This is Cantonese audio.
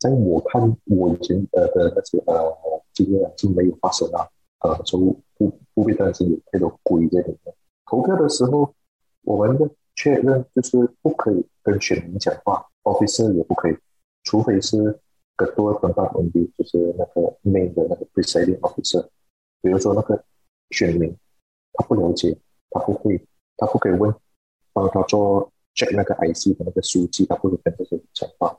在我看，我以前的的那些誒，基本上是沒有發生啦。所、呃、以不，不必擔心有呢個鬼嘅嘢。投票的時候，我們的確認就是不可以跟選民講話，officer 也不可以，除非是更多官方問題，就是那個 main 的那個 presiding officer。比如說，那個選民，他不了解，他不會，他不可以問，幫他做 check 那個 IC 的那個書記，他不會跟這些人講話。